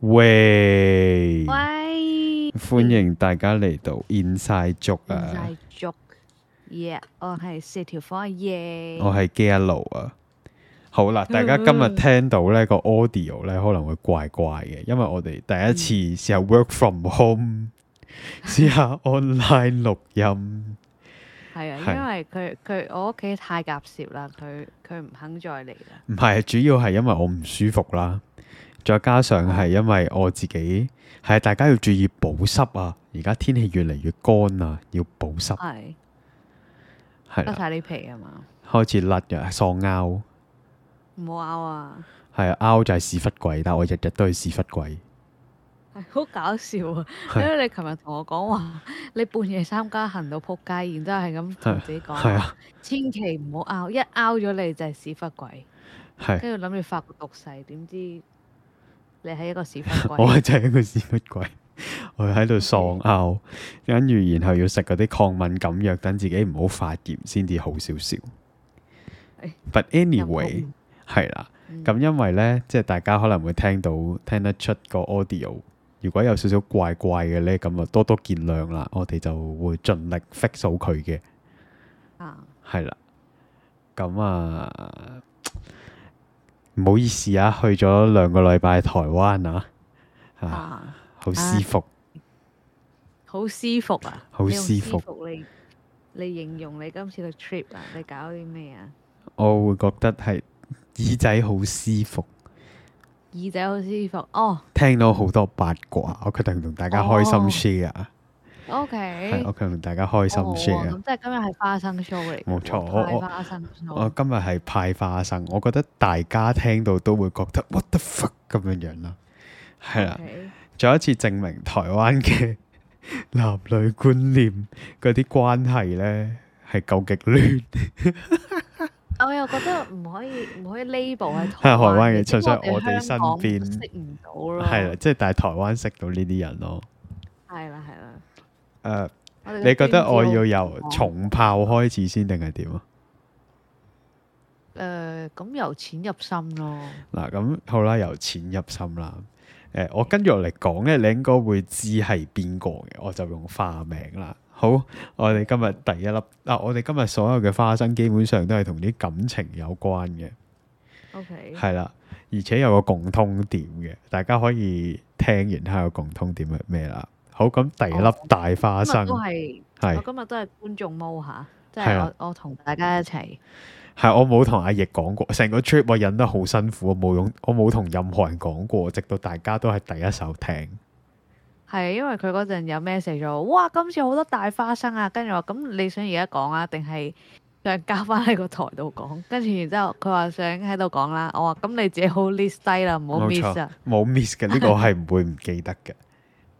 喂，喂，歡迎大家嚟到 Inside Joke 啊！Inside Joke，耶，我係四條火啊耶，我係 yellow 啊。好啦，大家今日聽到呢個 audio 咧可能會怪怪嘅，因為我哋第一次試下 work from home，試下 online 錄音。係啊，因為佢佢我屋企太夾攝啦，佢佢唔肯再嚟啦。唔係，主要係因為我唔舒服啦。再加上係因為我自己係大家要注意保濕啊！而家天氣越嚟越乾啊，要保濕。係。甩晒啲皮啊嘛！開始甩嘅，喪拗。唔好拗啊！係啊，拗就係屎忽鬼，但係我日日都係屎忽鬼。係好搞笑啊！因為你琴日同我講話，你半夜三更行到撲街，然之後係咁同自己講：，係啊，千祈唔好拗，一拗咗你就係屎忽鬼。係。跟住諗住發個毒誓，點知？你係一個屎忽鬼， 我係真係一個屎忽鬼， 我喺度喪拗，Okay. 跟住然後要食嗰啲抗敏感藥，等自己唔好發炎先至好少少。But anyway，係空啦，咁、嗯、因為呢，即係大家可能會聽到聽得出個 audio，如果有少少怪怪嘅呢，咁啊多多見諒啦，我哋就會盡力 fix 到佢嘅。啊，係啦，咁啊。唔好意思啊，去咗兩個禮拜台灣啊，啊，好舒服，啊，好舒服啊，好舒服。你你形容你今次個 trip 啊，你搞啲咩啊？我會覺得係耳仔好舒服，耳仔好舒服。哦，聽到好多八卦，我決定同大家開心 share，哦。OK，OK，同大家開心 share 啊！咁即係今日係花生 show 嚟，冇錯，派花生。我今日係派花生，我覺得大家聽到都會覺得 what the fuck 咁樣樣啦，係啦，再一次證明台灣嘅男女觀念嗰啲關係咧係夠極亂。我又覺得唔可以唔可以 label 喺台灣嘅，所以我哋身邊識唔到咯，係啦，即係但係台灣識到呢啲人咯，係啦，係啦。誒，uh, 你覺得我要由重炮開始先定係點啊？誒、uh, 嗯，咁由淺入深咯。嗱，咁好啦，由淺入深啦。誒、uh, 我跟住落嚟講咧，你應該會知係邊個嘅，我就用花名啦。好，我哋今日第一粒，嗱、 啊，我哋今日所有嘅花生基本上都係同啲感情有關嘅。O K。係啦，而且有個共通點嘅，大家可以聽完睇下個共通點係咩啦。好，咁第一粒大花生，今日都係，係今日都係觀眾 mode 吓，即係我我同大家一齊。係我冇同阿易講過，成個 trip 我忍得好辛苦，我冇用，我冇同任何人講過，直到大家都係第一手聽。係因為佢嗰陣有咩事咗，哇！今次好多大花生啊，跟住話咁你想而家講啊，定係想加翻喺個台度講？跟住然之後佢話想喺度講啦，我話咁你自己好 list 低啦，唔好 miss 啊，冇 miss 嘅呢個係唔會唔記得嘅。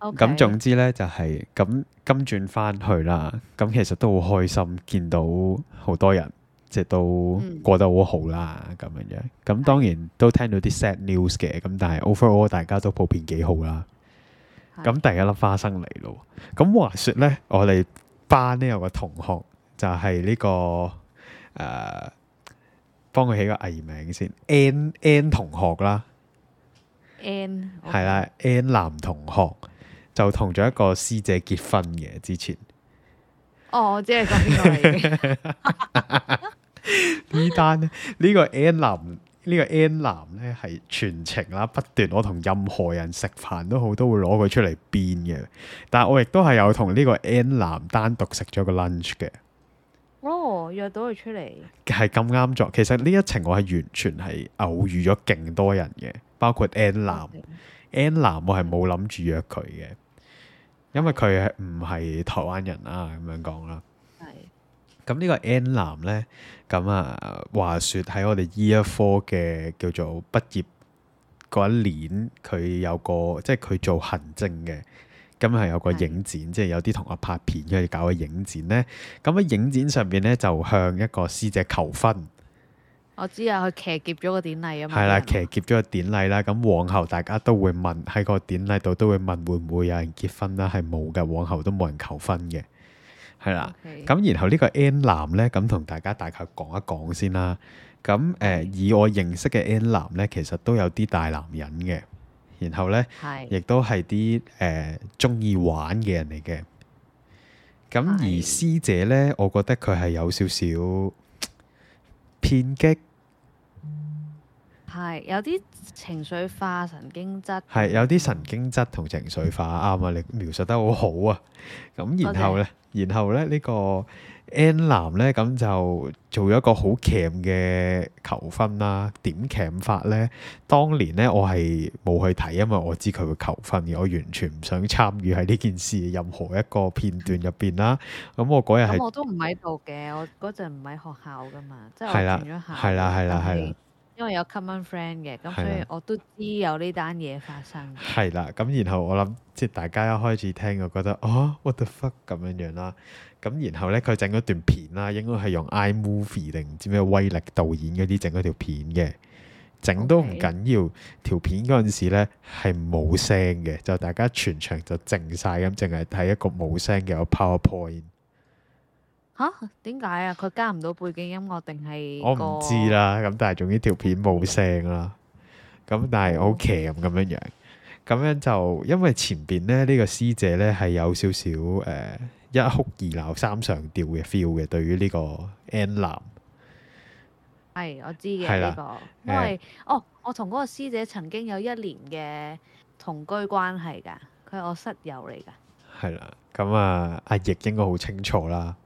咁 Okay. 總之呢，就係、是、咁今轉翻去啦，咁其實都好開心，見到好多人，即係都過得好好啦咁、嗯、樣。咁當然的都聽到啲 sad news 嘅，咁但係 overall 大家都普遍幾好啦。咁的第一粒花生嚟咯。咁話說呢，我哋班呢有個同學就係、是、呢、這個誒、呃，幫佢起個藝名先，N N 同學啦。N 係 okay .啦，N 男同學。就同咗一個師姐結婚嘅之前，哦，我只係講呢個呢單呢個 N 男，呢、這個 N 男咧係全程啦，不斷我同任何人食飯都好，都會攞佢出嚟編嘅。但係我亦都係有同呢個 N 男單獨食咗個 lunch 嘅。哦，約到佢出嚟，係咁啱咗。其實呢一程我係完全係偶遇咗勁多人嘅，包括 N 男、嗯、，N 男我係冇諗住約佢嘅。因為佢唔係台灣人啊，咁樣講啦。係是。咁呢個 N 男咧，咁啊話説喺我哋 year four 嘅叫做畢業嗰一年，佢有個即係佢做行政嘅，咁係有個影展，是即係有啲同學拍片，跟住搞個影展咧。咁喺影展上邊咧，就向一個師姐求婚。我知啊，佢騎劫咗個典禮啊嘛。係啦，騎劫咗個典禮啦。咁往後大家都會問喺個典禮度都會問會唔會有人結婚啦？係冇㗎，往後都冇人求婚嘅。係啦。咁然後呢個 N 男咧，咁同大家大概講一講先啦。咁誒，以我認識嘅 N 男咧，其實都有啲大男人嘅。然後咧，係亦都係啲誒鍾意玩嘅人嚟嘅。咁而師姐咧，我覺得佢係有少少偏激。係有啲情，情緒化、神經質，係有啲神經質同情緒化啱啊！你描述得好好啊！咁然後咧 Okay.，然後咧呢、呢個 N 男咧，咁就做咗一個好 cam 嘅求婚啦，點 cam 法咧？當年咧，我係冇去睇，因為我知佢會求婚嘅，我完全唔想參與喺呢件事任何一個片段入邊啦。咁我嗰日，咁我都唔喺度嘅，我嗰陣唔喺學校噶嘛，即係的的轉咗校，係啦係啦係啦。因為有 common friend 嘅，咁所以我都知有呢單嘢發生。係啦，咁然後我諗即係大家一開始聽就覺得啊，oh，what the fuck 咁樣樣啦。咁然後呢，佢整嗰段片啦，應該係用 iMovie 定唔知咩威力導演嗰啲整嗰條片嘅。整都唔緊要，條 Okay. 片嗰陣時呢係冇聲嘅，就大家全場就靜晒，咁，淨係睇一個冇聲嘅 PowerPoint。嚇點解啊？佢加唔到背景音樂定係？我唔知啦。咁但係總之條片冇聲啦。咁但係好黐咁樣樣咁樣就，因為前邊呢，呢個師姐呢係有少少誒一哭二鬧三上吊嘅 feel 嘅。對於呢個 N 男，係我知嘅呢個，因為哦，我同嗰個師姐曾經有一年嘅同居關係㗎，佢係我室友嚟㗎。係啦，咁啊，阿譯應該好清楚啦。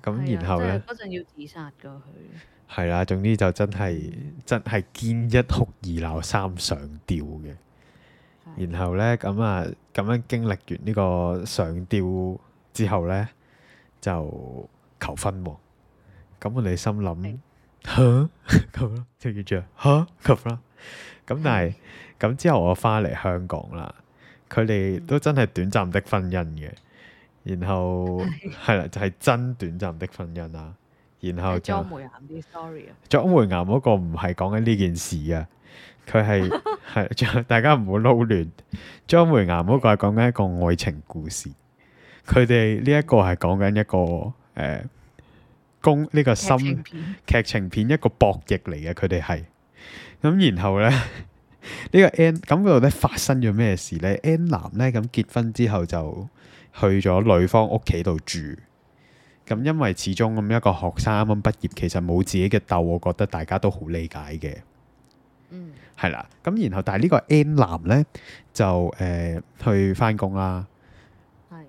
咁然後咧，嗰陣、啊、要自殺噶佢，係啦、啊，總之就真係、嗯、真係堅一哭二鬧三上吊嘅。 然後咧，咁啊咁樣經歷完呢個上吊之後咧，就求婚喎。咁我哋心諗哼，咁啦、欸，呵 就叫住吓咁啦。咁 但係咁之後我翻嚟香港啦，佢哋都真係短暫的婚姻嘅。然後係啦， 就係、是、真短暫的婚姻啦。然後就張 梅岩啲 story 啊，張梅岩嗰個唔係講緊呢件事啊，佢係係，大家唔好撈亂。張梅岩嗰個係講緊一個愛情故事，佢哋呢一個係講緊一個誒公呢、呢個心劇情，情片一個博弈嚟嘅。佢哋係咁，然後咧呢、呢個 N 咁嗰度咧發生咗咩事咧？N 男咧咁結婚之後就去咗女方屋企度住，咁因為始終咁一個學生啱啱畢業，其實冇自己嘅竇，我覺得大家都好理解嘅。嗯，係啦，咁然後但係呢個 N 男呢，就誒、呃、去返工啦。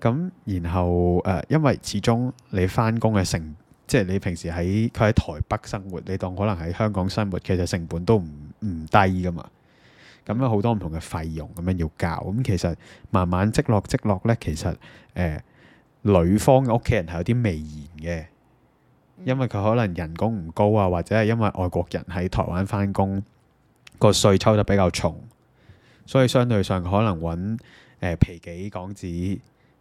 咁、嗯、然後誒、呃，因為始終你返工嘅成，即、就、係、是、你平時喺佢喺台北生活，你當可能喺香港生活，其實成本都唔唔低㗎嘛。咁樣好多唔同嘅費用咁樣要交，咁其實慢慢積落積落咧，其實誒、呃、女方嘅屋企人係有啲微言嘅，因為佢可能人工唔高啊，或者係因為外國人喺台灣返工個稅抽得比較重，所以相對上可能揾誒、呃、皮幾港紙，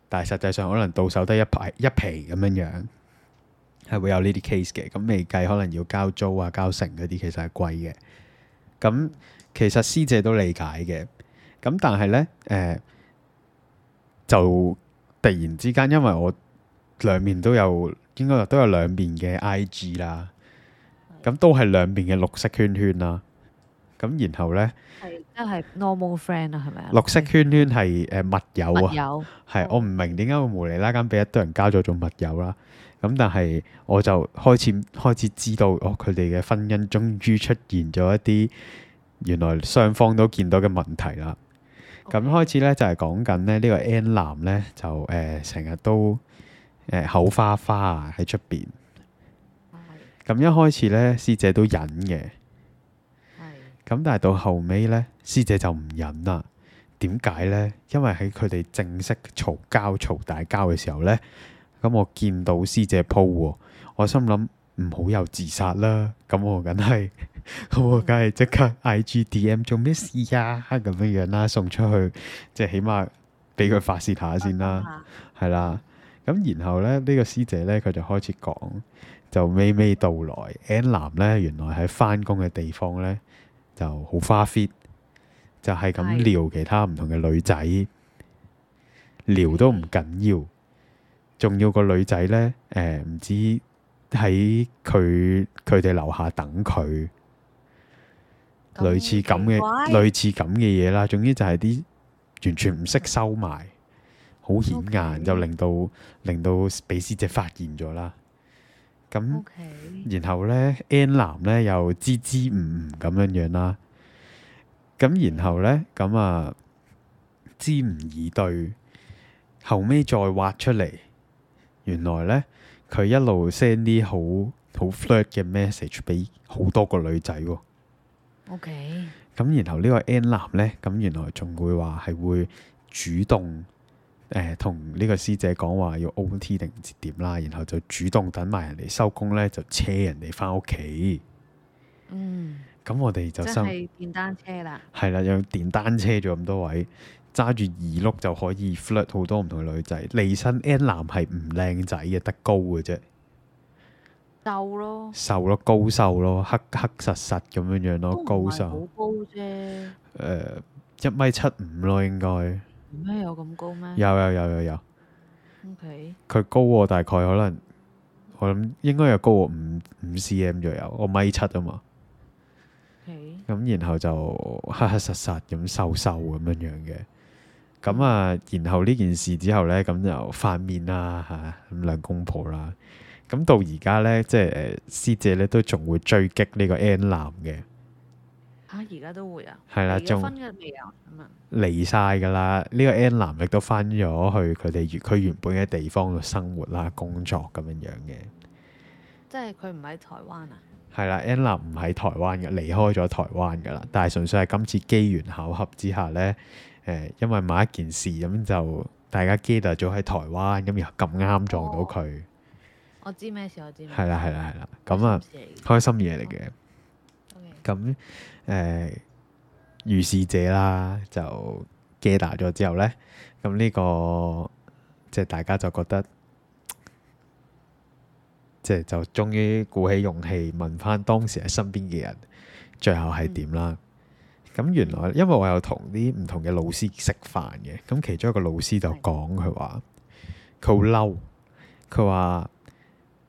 但係實際上可能到手得一排一皮咁樣樣，係會有呢啲 case 嘅。咁未計可能要交租啊、交成嗰啲，其實係貴嘅。咁其實師姐都理解嘅，咁但係呢，誒、呃、就突然之間，因為我兩面都有，應該都有兩面嘅 I G 啦，咁都係兩邊嘅綠色圈圈啦。咁然後呢，係都、就係、normal friend 啊，係咪啊？綠色圈圈係誒、呃、密友啊，密友？我唔明點解會無厘啦更俾一堆人加咗做密友啦。咁但係我就開始開始知道，哦，佢哋嘅婚姻終於出現咗一啲原來雙方都見到嘅問題啦。咁 Okay. 開始咧就係講緊咧呢，這個 N 男咧就誒成日都誒、呃、口花花啊喺出邊。咁 Okay. 一開始咧師姐都忍嘅。咁 Okay. 但係到後尾咧師姐就唔忍啦。點解咧？因為喺佢哋正式嘈交嘈大交嘅時候咧，咁我見到師姐 po，我心諗唔好又自殺啦。咁我梗係。好啊，梗係即刻 I G D M 做咩事啊，咁樣樣啦，送出去即係起碼俾佢發洩下先啦，係、嗯嗯、啦。咁然後咧，呢、這個師姐咧，佢就開始講，就娓娓道來。N 男咧，原來喺返工嘅地方咧就好花 fit，就係咁撩其他唔同嘅女仔，撩、嗯、都唔緊要，仲、嗯、要個女仔咧，誒、呃，唔知喺佢佢哋樓下等佢。類似咁嘅怪類似咁嘅嘢啦，總之就係啲完全唔識收埋，好 Okay. 顯眼，又令到令到俾師姐發現咗啦。咁，Okay. 然後咧，N 男咧又支支吾吾咁樣樣啦。咁然後咧，咁啊支吾以對，後尾再挖出嚟，原來咧佢一路 send 啲好好 flirt 嘅 message 俾好多個女仔喎。O K，咁然後呢個 N 男呢，咁原來仲會話係會主動誒、呃、同呢個師姐講話要 O T 定唔知點啦，然後就主動等埋人哋收工呢，就車人哋翻屋企。咁、嗯、我哋就收。即係電單車啦。係啦，用電單車做咁多位，揸住二碌就可以 flirt 好多唔同女仔。離身 N 男係唔靚仔嘅，得高嘅啫。瘦咯，瘦咯，高瘦咯，黑黑實實咁樣樣咯，高瘦。唔係好高啫。誒，一米七五咯，應該。咩有咁高咩？有有有有有。O K。佢高喎，大概可能我諗應該有高過五五 C M 左右，我米七啊嘛。咁 O K。然後就黑黑實實咁瘦瘦咁樣樣嘅，咁啊，然後呢件事之後咧，咁就反面啦，吓，咁兩公婆啦。咁到而家咧，即係誒師姐咧，都仲會追擊呢個 N 男嘅。嚇！而家都會啊，係啦，仲分咗未啊咁啊？離曬噶啦！呢個 N 男亦都翻咗去佢哋原佢原本嘅地方度生活啦，工作咁樣樣嘅。即係佢唔喺台灣啊？係啦，N 男唔喺台灣嘅，離開咗台灣噶啦。但係純粹係今次機緣巧合之下咧，誒，因為某一件事咁就大家 gather 咗喺台灣，咁又咁啱撞到佢。我知咩事，我知咩事。係啦，係啦，係啦。咁啊，開心嘢嚟嘅。咁誒遇事 Okay.、呃、如是者啦，就 gather 咗之後咧，咁呢、這個即係、就是、大家就覺得，即、就、係、是、就終於鼓起勇氣問翻當時喺身邊嘅人，最後係點啦？咁、嗯、原來因為我有同啲唔同嘅老師食飯嘅，咁其中一個老師就講佢話，佢好嬲，佢話。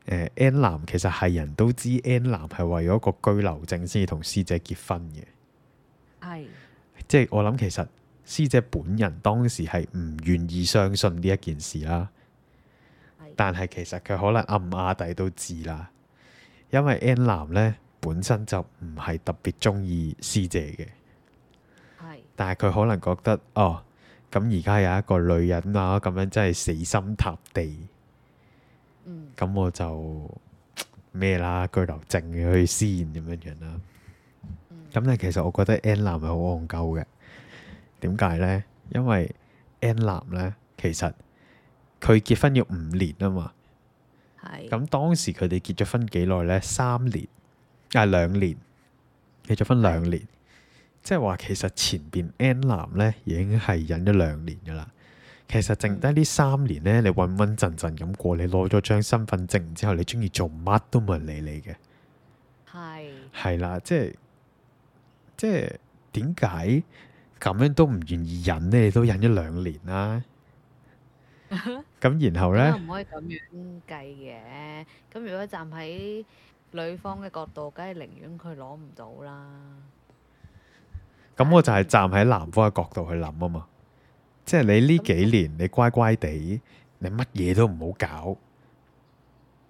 誒，N 男其實係人都知 N 男係為咗個居留證先至同師姐結婚嘅，係的，即係我諗其實師姐本人當時係唔願意相信呢一件事啦，的但係其實佢可能暗啞底都知啦，因為 N 男咧本身就唔係特別中意師姐嘅，的但係佢可能覺得哦，咁而家有一個女人啊，咁樣真係死心塌地。咁、嗯、我就咩啦，居留證去先咁樣樣啦。咁咧、嗯，但其實我覺得 N 男係好戇鳩嘅。點解咧？因為 N 男咧，其實佢結婚要五年啊嘛。係是。咁當時佢哋結咗婚幾耐咧？三年啊，兩年結咗婚兩年，哎、年年是即係話其實前邊 N 男咧已經係忍咗兩年噶啦。其實淨低呢三年呢，你穩穩陣陣咁過，你攞咗張身份證之後，你中意做乜都冇人理你嘅。係係啦，即係即係點解咁樣都唔願意忍呢？你都忍一兩年啦。咁然後呢？唔可以咁樣計嘅。咁如果站喺女方嘅角度，梗係寧願佢攞唔到啦。咁我就係站喺男方嘅角度去諗啊嘛。即係你呢幾年，你乖乖地，你乜嘢都唔好搞，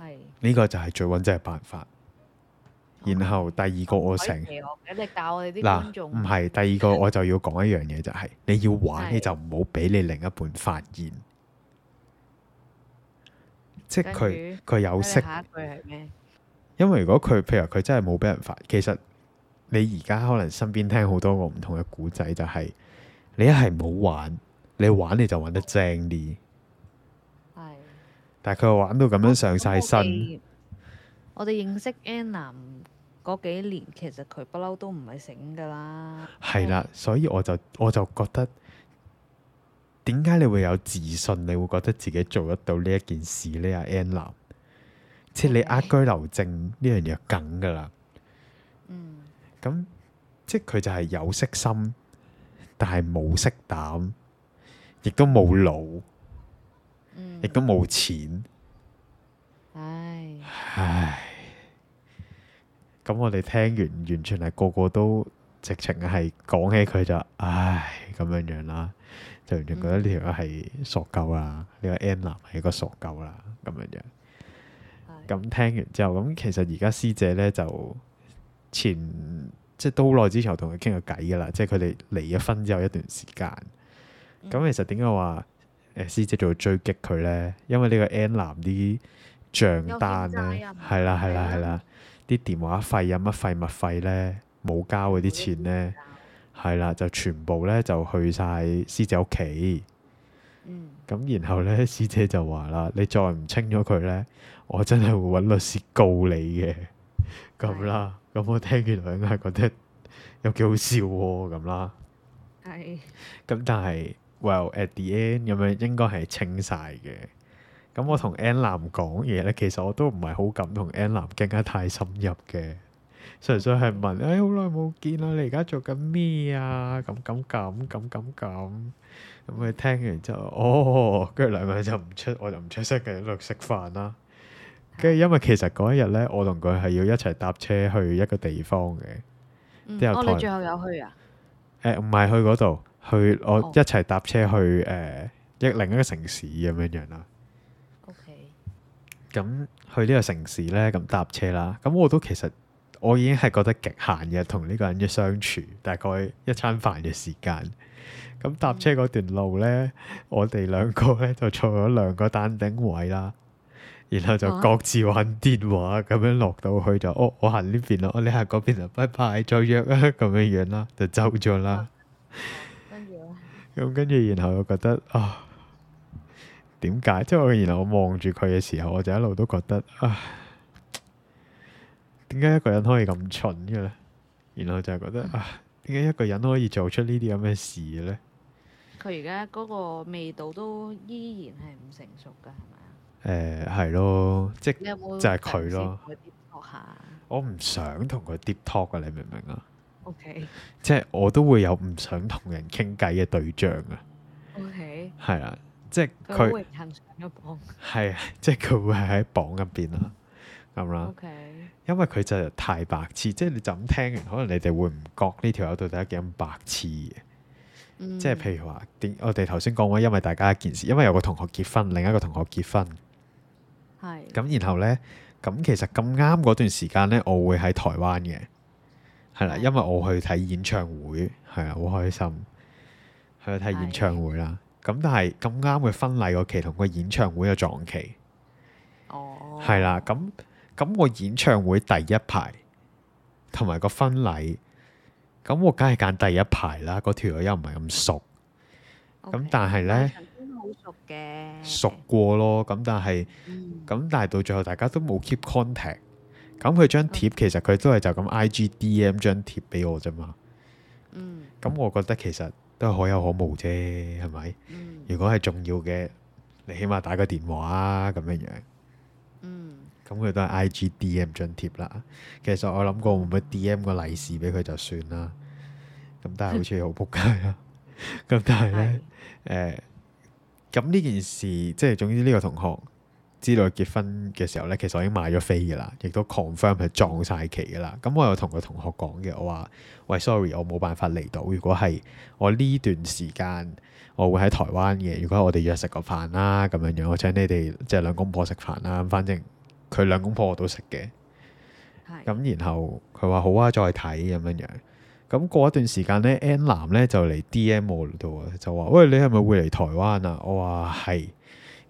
呢的個就係最穩陣嘅辦法。然後第二個我成，你教我哋啲觀眾。嗱、嗯，唔係第二個我就要講一樣嘢、就是，就係你要玩，你的就唔好俾你另一半發現。即係佢佢有識。下一句係咩？因為如果佢譬如佢真係冇俾人發，其實你而家可能身邊聽好多個唔同嘅古仔，就係、是、你一係冇玩。你玩你就玩得正啲，係對，但係佢玩到咁樣上晒身。我哋認識 Anna 嗰幾年，其實佢不嬲都唔係醒噶啦。係啦的，的所以我就我就覺得，點解你會有自信？你會覺得自己做得到呢一件事呢？阿的、啊、Anna，即係的你阿居留證呢樣嘢梗噶啦。嗯，咁即係佢就係有色心，但係冇色膽。亦都冇腦，亦都冇錢。唉，咁我哋聽完，完全係個個都直情係講起佢就唉咁樣樣啦，就完全覺得呢條友係傻鳩啦，呢、嗯、個亞奴係個傻鳩啦咁樣樣。咁唉聽完之後，咁其實而家師姐咧就前即係都好耐之前，我同佢傾過偈噶啦，即係佢哋離咗婚之後一段時間。咁、嗯、其實點解話誒師姐仲要追擊佢咧？因為呢個 N 男啲帳單咧，係啦係啦係啦，啲電話費,費,費、嗯、啊、乜廢物費咧，冇交嗰啲錢咧，係啦，就全部咧就去晒師姐屋企。嗯。咁然後咧，師姐就話啦：你再唔清咗佢咧，我真係會揾律師告你嘅。咁啦，咁是、嗯、我聽完佢梗係覺得又幾好笑喎、啊，咁啦。係是。咁但係。嗯嗯嗯 Well, at the end，咁樣應該係清晒嘅。咁我同 N 男講嘢咧，其實我都唔係好敢同 N 男傾得太深入嘅，純粹係問，哎，好耐冇見啦，你而家做緊咩啊？咁咁咁咁咁咁咁。咁佢聽完之後，哦，跟住兩個人就唔出，我就唔出聲，繼續食飯啦。跟住因為其實嗰一日咧，我同佢係要一齊搭車去一個地方嘅。嗯，哦，你最後有去啊？誒，唔係去嗰度。去我一齊搭車去誒一、呃、另一個城市咁樣樣啦。咁 Okay. 去呢個城市咧，咁搭車啦。咁我都其實我已經係覺得極限嘅，同呢個人嘅相處大概一餐飯嘅時間。咁搭車嗰段路咧，嗯、我哋兩個咧就坐咗兩個單頂位啦，然後就各自玩電話咁、啊、樣落到去就，哦、oh，我行呢邊啦，我你行嗰邊就拜拜，再約啊，咁樣樣啦，就走咗啦。咁跟住，然後我覺得啊，點解？即係我然後我望住佢嘅時候，我就一路都覺得啊，點、哎、解一個人可以咁蠢嘅咧？然後就係覺得啊，點、哎、解一個人可以做出呢啲咁嘅事嘅咧？佢而家嗰個味道都依然係唔成熟㗎，係咪啊？誒、呃，係咯，即係就係佢咯。我唔想同佢 deep talk 啊！你明唔明啊？O Okay . K，即係我都會有唔想同人傾偈嘅對象啊。O 係啦，即係佢係啊，即係佢、 啊、會係喺榜入邊啦，咁啦，因為佢就太白痴，即係你就咁聽完，可能你哋會唔覺呢條友到底係幾咁白痴嘅。嗯、即係譬如話，點我哋頭先講過，因為大家一件事，因為有個同學結婚，另一個同學結婚，咁的然後呢，咁其實咁啱嗰段時間呢，我會喺台灣嘅。係啦，因為我去睇演唱會，係啊，好開心。去睇演唱會啦，咁的但係咁啱嘅婚禮個期同個演唱會嘅撞期。哦、oh.。係啦，咁咁我演唱會第一排，同埋個婚禮，咁我梗係揀第一排啦。嗰條友又唔係咁熟，咁 Okay, 但係咧，嗯、熟嘅過咯熟過咯。咁、嗯、但係，咁但係到最後大家都冇 keep contact。咁佢張貼其實佢都係就咁 I G D M 張貼俾我啫嘛，嗯，咁我覺得其實都係可有可無啫，係咪？嗯，如果係重要嘅，你起碼打個電話啊，咁樣樣，嗯，咁佢都係 I G D M 張貼啦。其實我諗過，會唔會 D M 個利是俾佢就算啦？咁但係好似好仆街啊，咁 但係咧，誒是，咁呢、欸、件事即係總之呢個同學。知道結婚嘅時候呢，其實我已經買咗飛噶啦，亦都 confirm 係撞晒期噶啦。咁、嗯、我有同個同學講嘅，我話：喂，sorry，我冇辦法嚟到。如果係我呢段時間，我會喺台灣嘅。如果我哋約食個飯啦咁樣樣，我請你哋即係兩公婆食飯啦。反正佢兩公婆我都食嘅。係、嗯。咁然後佢話好啊，再睇咁樣樣。咁過一段時間呢，N 男呢就嚟 DM 我度就話：喂，你係咪會嚟台灣啊？我話係。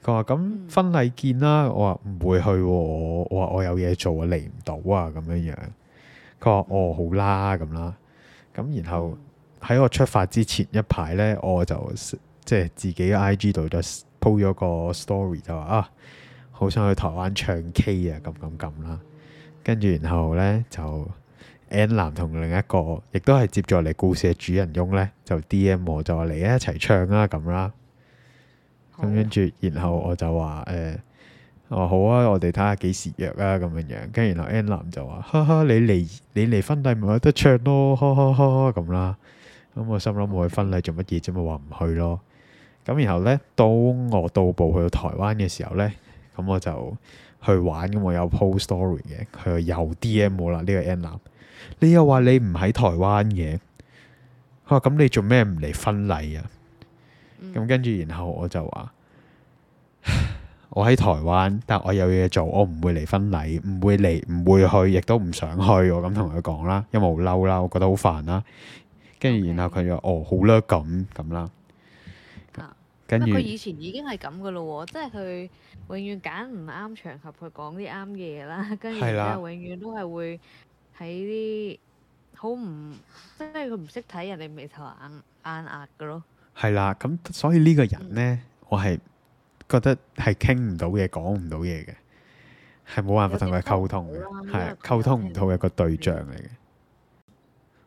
佢話咁婚禮見啦，我話唔會去，啊，我話我有嘢做啊，嚟唔到啊，咁樣樣。佢話哦，好啦，咁啦，咁然後喺我出發之前一排咧，我就即係自己 I G 度就鋪咗個 story 就話啊，好想去台灣唱 K 啊，咁咁咁啦。跟住然後咧就 N 男同另一個亦都係接住嚟故事嘅主人翁咧，就 D M 我就話嚟一齊唱啦，咁啦。咁跟住，然後我就話誒，話、哦、好啊，我哋睇下幾時約啊，咁樣樣。跟然後 Ann 就話：哈哈，你嚟你嚟婚禮咪得唱咯，呵呵呵咁啦。咁、嗯、我心諗我去婚禮做乜嘢啫？咪話唔去咯。咁、嗯嗯嗯嗯嗯、然後咧，到我到步去到台灣嘅時候咧，咁、嗯、我就去玩，咁、嗯、我有 po story 嘅，佢、這個、又 D M 我啦。呢個 Ann 你又話你唔喺台灣嘅，佢啊，咁你做咩唔嚟婚禮啊？嗯咁、嗯、跟住，然後我就話： 我喺台灣，但我有嘢做，我唔會嚟婚禮，唔會嚟，唔會去，亦都唔想去。我咁同佢講啦，因為好嬲啦，我覺得好煩啦。跟住然後佢又 Okay. 哦好嘞咁咁啦。跟住、啊、佢以前已經係咁嘅咯喎，啊、即係佢永遠揀唔啱場合去講啲啱嘅嘢啦，跟住咧永遠都係會喺啲好唔即係佢唔識睇人哋眉頭眼眼額嘅咯。係啦，咁所以呢個人呢，我係覺得係傾唔到嘢，講唔到嘢嘅，係冇辦法同佢溝通嘅，係溝通唔到嘅一個對象嚟嘅。嗯、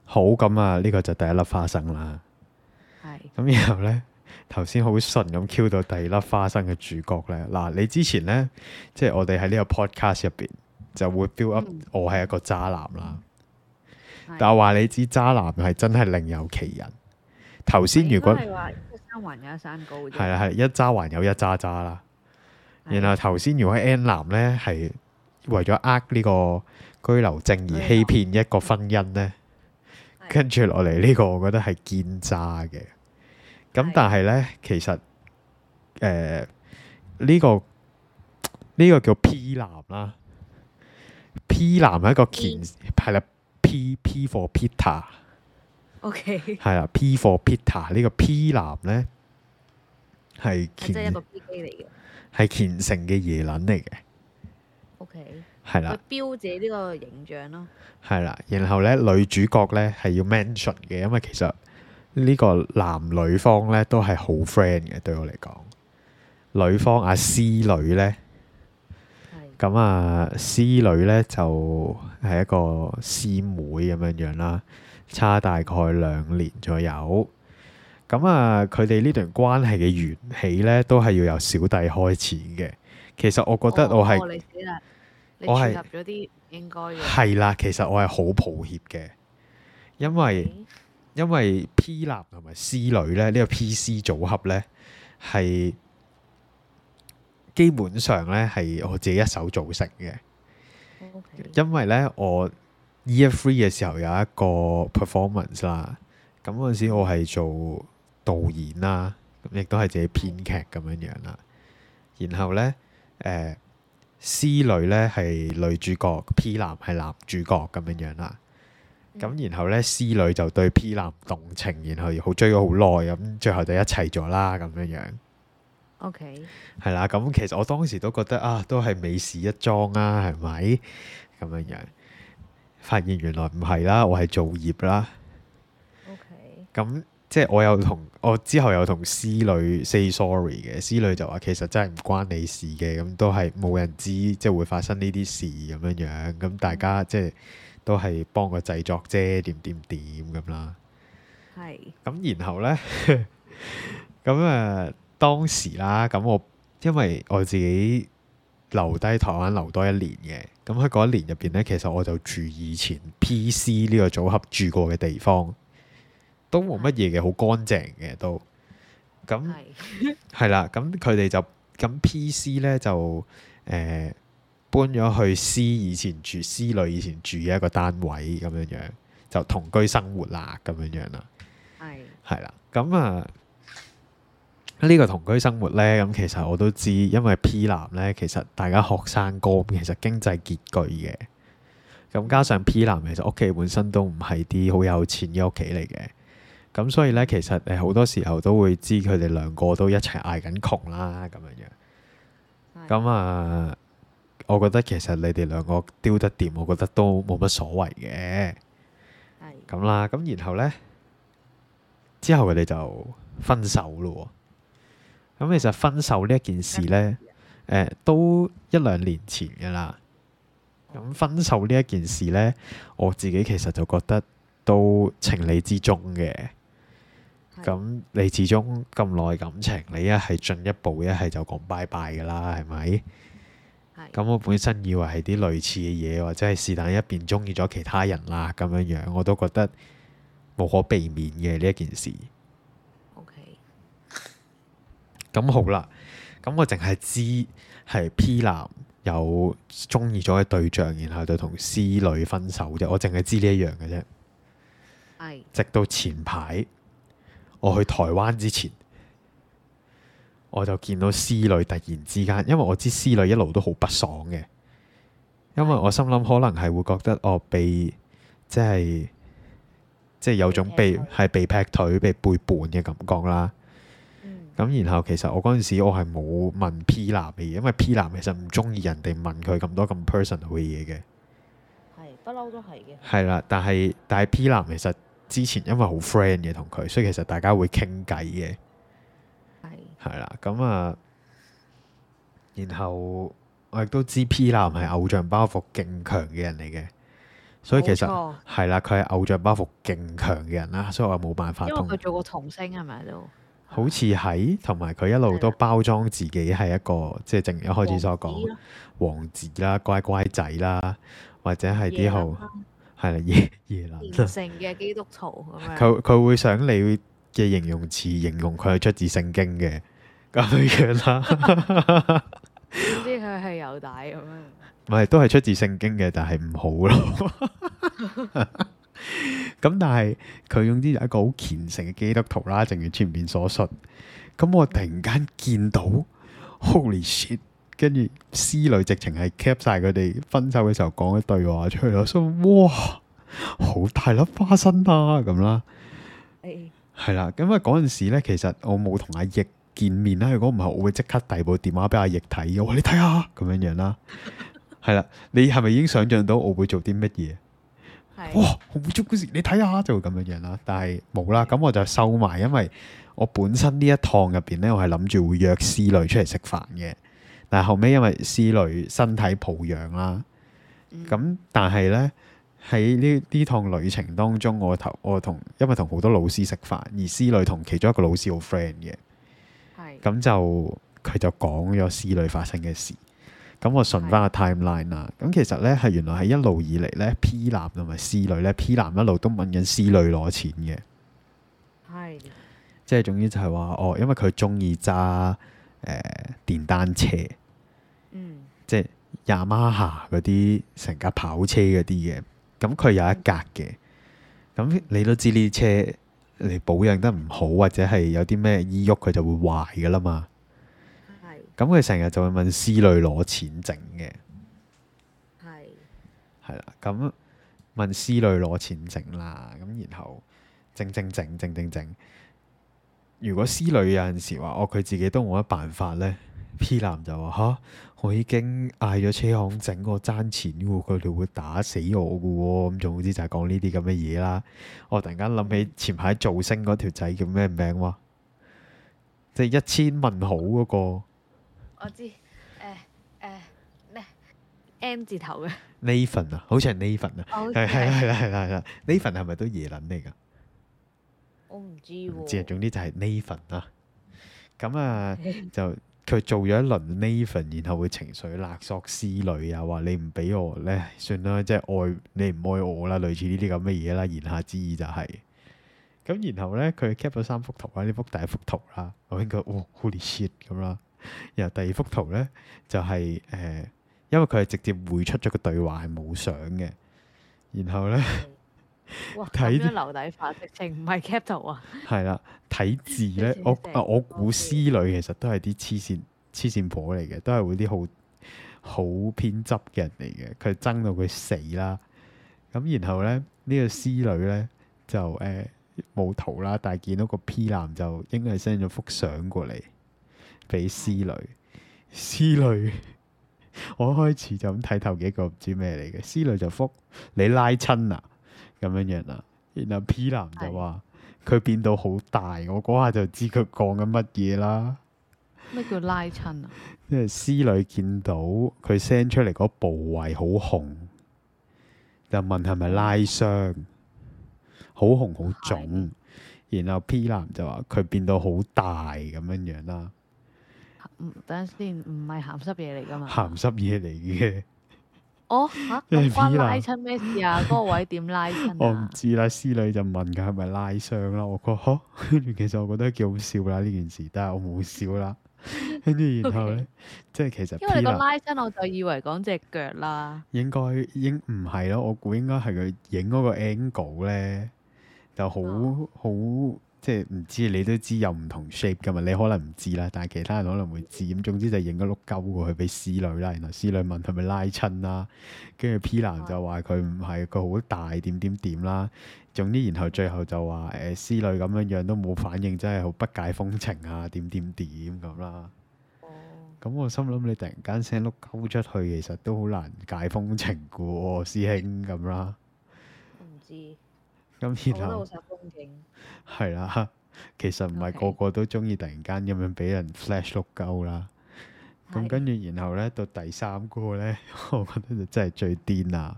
好，咁啊，呢、這個就第一粒花生啦。係、嗯。咁然後呢，頭先好順咁 cue 到第二粒花生嘅主角呢。嗱、啊，你之前呢，即係我哋喺呢個 podcast 入邊就會 build up 我係一個渣男啦，嗯嗯嗯、但係話你知渣男係真係另有其人。頭先如果係話一山還有一山高，係啦係一揸還有一揸揸啦。啊、然後頭先如果 N 男咧係為咗呃呢個居留證而欺騙一個婚姻咧，啊啊、跟住落嚟呢個我覺得係奸渣嘅。咁但係咧、啊、其實誒呢、呃呢個呢、呢個叫 P 男啦，P 男係一個前係啦 P P for Peter。O K，係啦，P for Peter 呢個 P 男咧係即係一個嚟嘅，係虔誠嘅耶捻嚟嘅。O K，係啦，標自己呢個形象咯。係啦，然後咧女主角咧係要 mention 嘅，因為其實呢個男女方咧都係好 friend 嘅。對我嚟講，女方阿 C 女咧，咁啊 C 女咧的、啊、就係、是、一個師妹咁樣樣啦。差大概兩年左右，咁啊，佢哋呢段關係嘅緣起呢，都係要由小弟開始嘅。其實我覺得我係、哦哦、我係咗啲唔應該嘅，係啦。其實我係好抱歉嘅，因為 Okay. 因為 P 男同埋 C 女呢、呢、呢個 P C 組合呢，係基本上呢，係我自己一手組成嘅，Okay. 因為呢，我。Year three 嘅時候有一個 performance 啦，咁嗰陣時我係做導演啦，亦都係自己編劇咁樣樣啦。然後呢，誒、呃，C 女呢係女主角，P 男係男主角咁樣樣啦。咁然後呢 C 女就對 P 男動情，然後好追咗好耐，咁最後就一齊咗啦，咁樣樣。OK，係啦，咁其實我當時都覺得啊，都係美事一樁啊，係咪咁樣樣？發現原來唔係啦，我係造業啦。OK，咁即係我有同我之後有同師女 say sorry 嘅，師女就話其實真係唔關你事嘅，咁都係冇人知，即係會發生呢啲事咁樣樣，咁大家、mm hmm. 即係都係幫個製作啫，點點點咁啦。咁、mm hmm. 然後呢，咁 誒、呃、當時啦，咁我因為我自己留低台灣留多一年嘅。咁喺嗰一年入面呢，其實我就住以前 PC 呢個組合住過嘅地方，都冇乜嘢嘅，好乾淨嘅都。咁係啦，咁佢哋就咁 PC 呢就誒、呃、搬咗去 C 以前住 C 女以前住嘅一個單位咁樣樣，就同居生活啦咁樣樣啦。係係啦，咁啊。 呢個同居生活呢，咁其實我都知，因為 P 男呢，其實大家學生哥，其實經濟拮據嘅，咁加上 P 男其實屋企本身都唔係啲好有錢嘅屋企嚟嘅，咁所以呢，其實誒好多時候都會知佢哋兩個都一齊捱緊窮啦，咁樣樣，咁是的、嗯、啊，我覺得其實你哋兩個丟得掂，我覺得都冇乜所謂嘅，咁啦是的，咁、嗯、然後呢，之後佢哋就分手咯。咁其實分手呢一件事呢，誒、欸、都一兩年前嘅啦。咁分手呢一件事呢，我自己其實就覺得都情理之中嘅。咁你始終咁耐感情，你一係進一步，一係就講拜拜㗎喇，係咪？咁我本身以為係啲類似嘅嘢，或者係是但一邊鍾意咗其他人啦，咁樣樣我都覺得無可避免嘅呢一件事。咁好啦，咁我淨係知係 P 男有中意咗嘅對象，然後就同 C 女分手啫。我淨係知呢一樣嘅啫。直到前排，我去台灣之前，我就見到 C 女突然之間，因為我知 C 女一路都好不爽嘅，因為我心諗可能係會覺得我被即係即係有種被係被劈腿、被背叛嘅感覺啦。咁然後其實我嗰陣時我係冇問 P 男嘅嘢，因為 P 男其實唔中意人哋問佢咁多咁 personal 嘅嘢嘅。係不嬲都係嘅。係啦，但係但係 P 男其實之前，因為好 friend 嘅同佢，所以其實大家會傾偈嘅。係是。係啦，咁啊，然後我亦都知 P 男係偶像包袱勁強嘅人嚟嘅，所以其實係啦，佢係錯偶像包袱勁強嘅人啦，所以我冇辦法。因為佢做過童星係咪都？好似係，同埋佢一路都包裝自己係一個的即係正如一開始所講，王子啦、啊啊、乖乖仔啦、啊，或者係啲好係啦、耶耶倫、啊。虔誠嘅基督徒咁、啊、樣。佢佢會想你嘅形容詞形容佢係出自聖經嘅咁樣啦。知佢係有大咁樣。唔係都係出自聖經嘅，但係唔好咯。 咁但係佢總之就一個好虔誠嘅基督徒啦，正如前面所述。咁我突然間見到，Holy shit！跟住思女直情係 cap 晒佢哋分手嘅時候講嘅對話出去咯。我話哇，好大粒花生啊咁啦，係啦。咁啊嗰陣時呢，其實我冇同阿易見面啦。如果唔係，我會即刻遞部電話俾阿易睇。嘅喎，你睇下咁樣樣啦。係啦，你係咪 已經想象到我會做啲乜嘢？哇！好足嗰時，你睇下就會咁樣樣啦。但係冇啦，咁我就收埋，因為我本身呢一趟入邊咧，我係諗住會約思女出嚟食飯嘅。但後尾因為思女身體抱恙啦，咁但係咧，喺呢呢趟旅程當中，我頭我同因為同好多老師食飯，而思女同其中一個老師好 friend 嘅，係咁就佢就講咗思女發生嘅事。咁、嗯、我順翻個 timeline 啦。咁其實咧係原來係一路以嚟咧，P 男同埋 C 女咧，P 男一路都問緊 C 女攞錢嘅。係、就是。即係總之就係話哦，因為佢中意揸誒電單車。嗯、即係雅馬哈嗰啲成架跑車嗰啲嘅，咁佢有一格嘅。咁、嗯、你都知呢啲車你保養得唔好，或者係有啲咩依喐，佢就會壞噶啦嘛。咁佢成日就會問師女攞錢整嘅，係係啦。咁、嗯、問師女攞錢整啦，咁然後整整整整整整。如果師女有陣時話：哦，佢自己都冇乜辦法咧，P 男就話嚇、啊，我已經嗌咗車行整個爭錢嘅，佢哋會打死我嘅。咁總之就係講呢啲咁嘅嘢啦。我突然間諗起前排造星嗰條仔叫咩名話，即係、就是、一千問號嗰、那個。我知誒誒咩 M 字頭嘅 Nathan 啊，好似係 Nathan 啊，係係係啦係啦係啦。Nathan 係咪都耶倫嚟噶？我唔知唔知，總之就係 Nathan 啦。咁 啊，就佢做咗一輪 Nathan，然後會情緒勒索思慮啊，話你唔俾我咧，算啦，即係愛你唔愛我啦，類似呢啲咁嘅嘢啦。言下之意就係咁，然後咧佢 cap 咗三幅圖啊，呢幅第一幅圖啦，我應該哦 holy shit 咁啦。然後第二幅圖咧就係、是、誒，因為佢係直接繪出咗個對話係冇相嘅，然後咧，哇，睇樓 底直情唔係 cap 圖啊？係啦，睇字咧，我我估師女其實都係啲黐線黐線婆嚟嘅，都係會啲好好偏執嘅人嚟嘅，佢憎到佢死啦。咁然後咧呢、這個師女咧就誒冇、呃、圖啦，但係見到個 P 男就應該係 send 咗幅相過嚟。俾 C 女，C 女，C 女 我一開始就咁睇頭幾個唔知咩嚟嘅。C 女就覆你拉親啦、啊，咁樣樣啦。然後 P 男就話佢變到好大，我嗰下就知佢講緊乜嘢啦。咩叫拉親啊？因為 C 女見到佢 send 出嚟嗰部位好紅，就問係咪拉傷，好紅好腫。然後 P 男就話佢變到好大，咁樣樣啦。等陣先，唔係鹹濕嘢嚟噶嘛？鹹濕嘢嚟嘅，哦？吓關拉親咩事啊？嗰、啊啊、 個位點拉親、啊、 我唔知啦，師女就問佢係咪拉傷啦。我覺吓、哦，其實我覺得係幾好笑啦呢件事，但係我冇笑啦。跟住然後咧，Okay. 即係其實 ila, 因為個拉親，我就以為講隻腳啦。應該應唔係咯？我估應該係佢影嗰個 angle 咧，就好好。嗯。即係唔知你都知有唔同 shape 嘅嘛，你可能唔知啦，但係其他人可能會知。咁總之就影個碌鳩過去俾師女啦，然後師女問係咪拉親啦，跟住 P 男就話佢唔係，佢好大點點點啦。總之然後最後就話誒師女咁樣樣都冇反應，真係好不解風情啊點點點咁啦。哦。咁、嗯、我心諗你突然間 send 碌鳩出去，其實都好難解風情嘅喎、哦，師兄咁啦。我唔知。咁然後，係啦，其實唔係個個都中意突然間咁樣俾人 flash 碌鳩啦。咁跟住，然後咧到第三個咧，我覺得就真係最癲啦。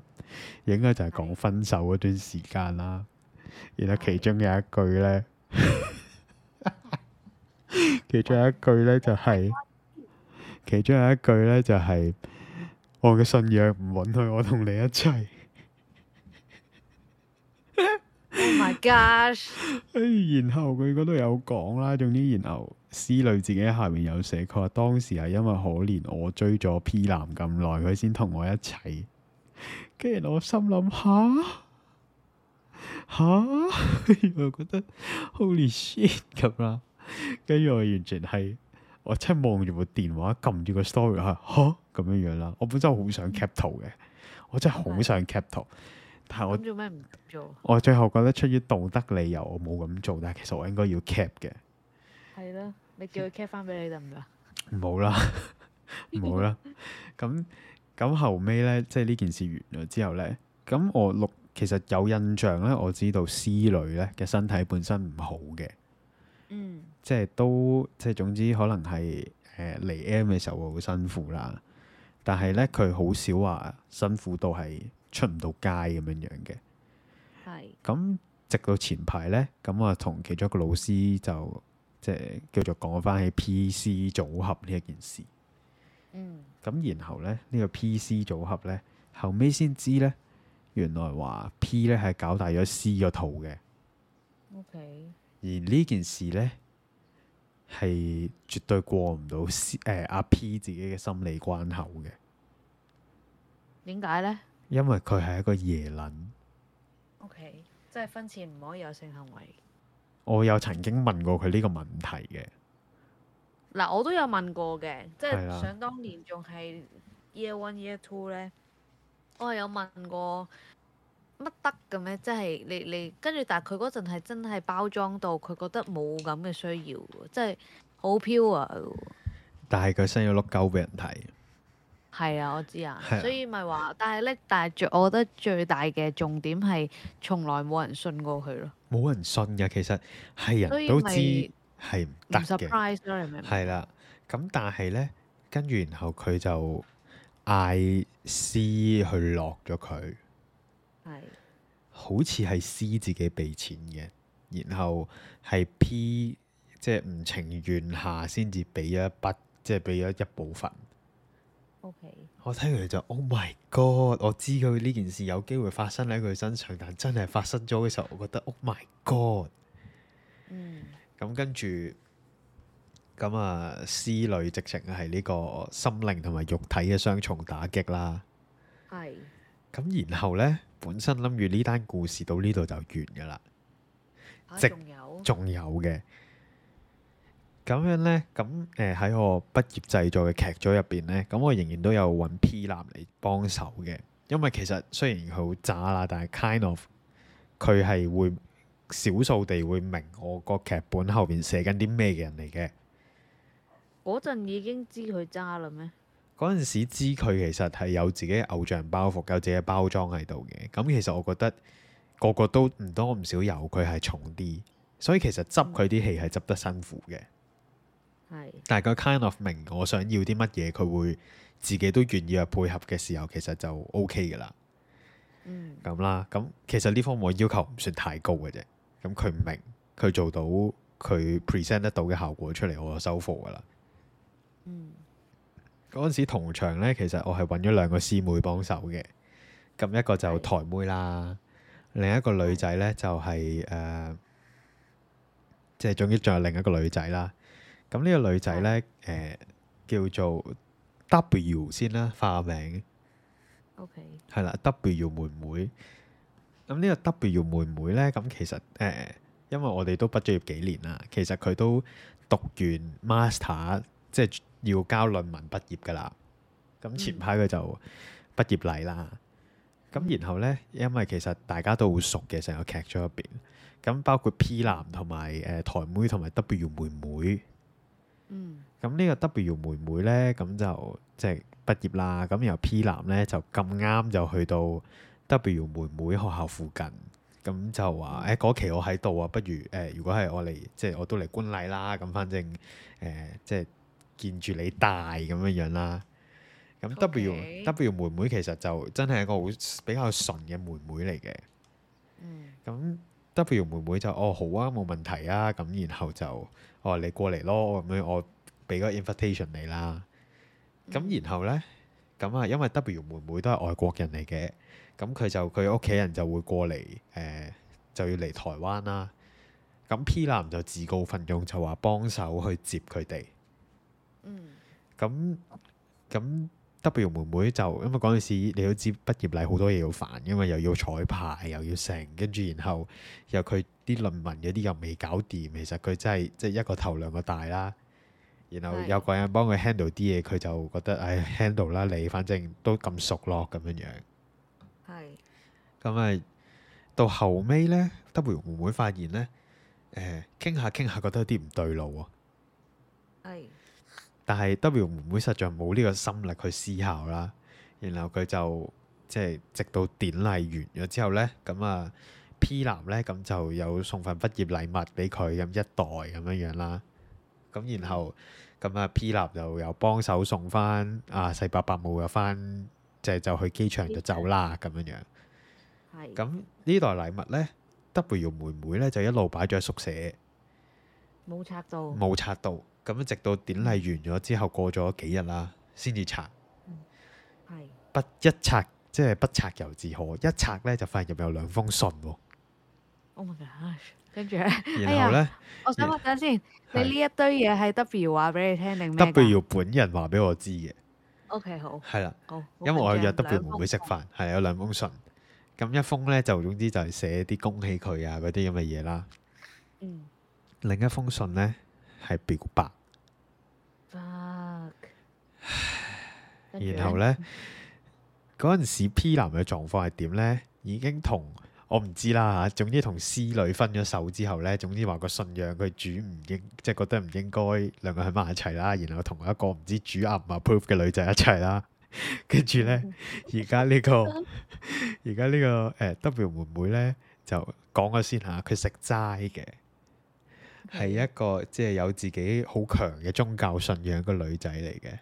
應該就係講分手嗰段時間啦。 然後其中有一句咧，其中有一句咧就係，其中有一句咧就係，我嘅信仰唔允許我同你一齊。哎，Gosh. 然後佢嗰度有講啦，總之然後思慮自己下面有寫，佢話當時係因為可憐我追咗 P 男咁耐，佢先同我一齊。跟住我心諗下，吓，我覺得好 o l shit 咁啦。跟住 我完全係，我真係望住部電話，撳住個 story 吓，吓咁樣樣啦。我本身好想 c a p t u 嘅，我真係好想 c a p t u 咁做咩唔做？我最後覺得出於道德理由，我冇咁做，但係其實我應該要 cap 嘅。係啦，你叫佢 cap 翻俾你得唔得？唔好啦，唔好啦。 咁咁 後尾咧，即係呢件事完咗之後咧，咁我錄其實有印象咧，我知道 C 女咧嘅身體本身唔好嘅、嗯。即係都即係總之可能係誒嚟 M 嘅時候會好辛苦啦，但係咧佢好少話辛苦到係。出唔到街咁樣樣嘅，係咁是直到前排咧，咁啊同其中一個老師就即係、就是、叫做講翻係 P、嗯這個、C 組合呢一件事，嗯咁然後咧呢個 P、C 組合咧後尾先知咧，原來話 P 咧係搞大咗 C 個肚嘅，O.K. 而呢件事咧係絕對過唔到 C 誒阿 P 自己嘅心理關口嘅，點解咧？因為佢係一個耶撚，O K，即係婚前唔可以有性行為。我有曾經問過佢呢個問題嘅，嗱，我都有問過嘅，即係的想當年仲係 year one year two 咧，我係有問過乜得嘅咩？即係、就是、你你跟住，但係佢嗰陣係真係包裝到，佢覺得冇咁嘅需要，即係好 pure 啊！但係佢想要碌鳩俾人睇。係啊，我知啊，所以咪話，但係呢，但係最，我覺得最大嘅重點係從來冇人信過佢咯，冇人信噶，其實係人都知係唔得嘅，係啦，咁、啊、但係呢，跟住然後佢就嗌 C 去落咗佢，係、啊，好似係 C 自己俾錢嘅，然後係 P 即係唔情願下先至俾咗一筆，即係俾咗一部分。O Okay . K，我聽嚟就 Oh My God，我知佢呢件事有機會發生喺佢身上，但真係發生咗嘅時候，我覺得 Oh My God，嗯，咁、mm. 跟住，咁啊思慮直情係呢個心靈同埋肉體嘅雙重打擊啦，係，咁然後呢，本身諗住呢單故事到呢度就完噶啦，即仲、啊、直有嘅。咁樣呢，咁誒喺我畢業製作嘅劇組入邊呢，咁我仍然都有揾 P 男嚟幫手嘅，因為其實雖然佢好渣啦，但係 kind of 佢係會少數地會明我個劇本後邊寫緊啲咩嘅人嚟嘅。嗰陣已經知佢渣啦咩？嗰陣時知佢其實係有自己偶像包袱，有自己嘅包裝喺度嘅。咁其實我覺得個個都唔多唔少有，佢係重啲，所以其實執佢啲戲係執得辛苦嘅。但係個 kind of 明我想要啲乜嘢，佢會自己都願意去配合嘅時候，其實就 O K 噶啦。咁啦，咁其實呢方面我要求唔算太高嘅啫。咁佢唔明，佢做到佢 present 得到嘅效果出嚟，我就收貨噶啦。嗯，嗰陣時同場呢，其實我係揾咗兩個師妹幫手嘅，咁一個就台妹啦，的另一個女仔呢、嗯、就係、是、誒，即、呃、係、就是、總之仲有另一個女仔啦。咁呢個女仔咧，誒、呃、叫做 W 先啦，化名。OK。係啦，W 妹妹。咁呢個 W 妹妹咧，咁其實誒、呃，因為我哋都畢咗業幾年啦，其實佢都讀完 master，即係要交論文畢業噶啦。咁前排佢就畢業禮啦。咁、mm hmm. 然後咧，因為其實大家都好熟嘅，成個劇組入邊，咁包括 P 男同埋誒台妹同埋 W 妹妹。嗯，咁呢個 W 妹妹咧，咁就即係、就是、畢業啦。咁由 P 男咧就咁啱就去到 W 妹妹學校附近，咁就話誒嗰期我喺度啊，不如誒、呃、如果係我嚟，即、就、係、是、我都嚟觀禮啦。咁反正誒即係見住你大咁樣樣啦。咁 W、嗯、W 妹妹其實就真係一個好比較純嘅妹妹嚟嘅。W 妹妹就哦好啊，冇問題啊，咁然後就哦你過嚟咯咁樣，我俾個 invitation 你啦。咁然後咧，咁啊，因為 W 妹妹都係外國人嚟嘅，咁佢就佢屋企人就會過嚟，誒、呃、就要嚟台灣啦。咁 P 男就自告奮勇就話幫手去接佢哋。嗯，咁咁。W 妹妹就，因為嗰陣時你都知畢業禮好多嘢要煩，因為又要彩排，又要成，跟住然後又佢啲論文嗰啲又未搞掂，其實佢真係即係一個頭兩個大啦。然後有個人幫佢 handle 啲嘢，佢就覺得唉 handle 啦，你反正都咁熟咯咁樣樣。係是。咁啊、嗯，到後尾咧，W 妹，妹妹發現咧，誒、呃、傾下傾下覺得有啲唔對路啊。係。但係 W 妹妹實在冇呢個心力去思考啦，然後佢就即係、即係、直到典禮完咗之後呢，咁啊 P 男呢，咁就有送份畢業禮物俾佢咁一袋咁樣樣啦，咁然後咁啊 P 男就又幫手送翻啊細伯伯母又翻，即係、就去機場就走啦咁樣樣。咁呢係袋禮物呢 W 妹妹呢，就一路擺咗喺宿舍。冇拆到。冇拆到。咁直到典禮完咗之後，過咗幾日啦，先至拆。係不一拆，即係不拆猶自可，一拆咧就發現入面有兩封信喎。Oh my God！跟住咧，然後咧，我想問緊先，你呢一堆嘢係 W 話俾你聽定 W 本人話俾我知嘅？OK，好。係啦，因為我約 W 妹妹食飯，係有兩封信。咁一封咧就總之就係寫啲恭喜佢啊嗰啲咁嘅嘢啦。嗯。另一封信咧係表白。然後呢，嗰陣時 P 男嘅狀況係點呢？已經同我唔知啦吓，總之同 C 女分咗手之後呢，總之話個信仰佢主唔應，即係覺得唔應該兩個喺埋一齊啦。然後同一個唔知主啊唔 approve 嘅女仔一齊啦。跟住呢，而家呢個而家呢個誒、這個呃、W 妹妹呢，就講咗先吓，佢食齋嘅，係一個即係、就是、有自己好強嘅宗教信仰嘅女仔嚟嘅。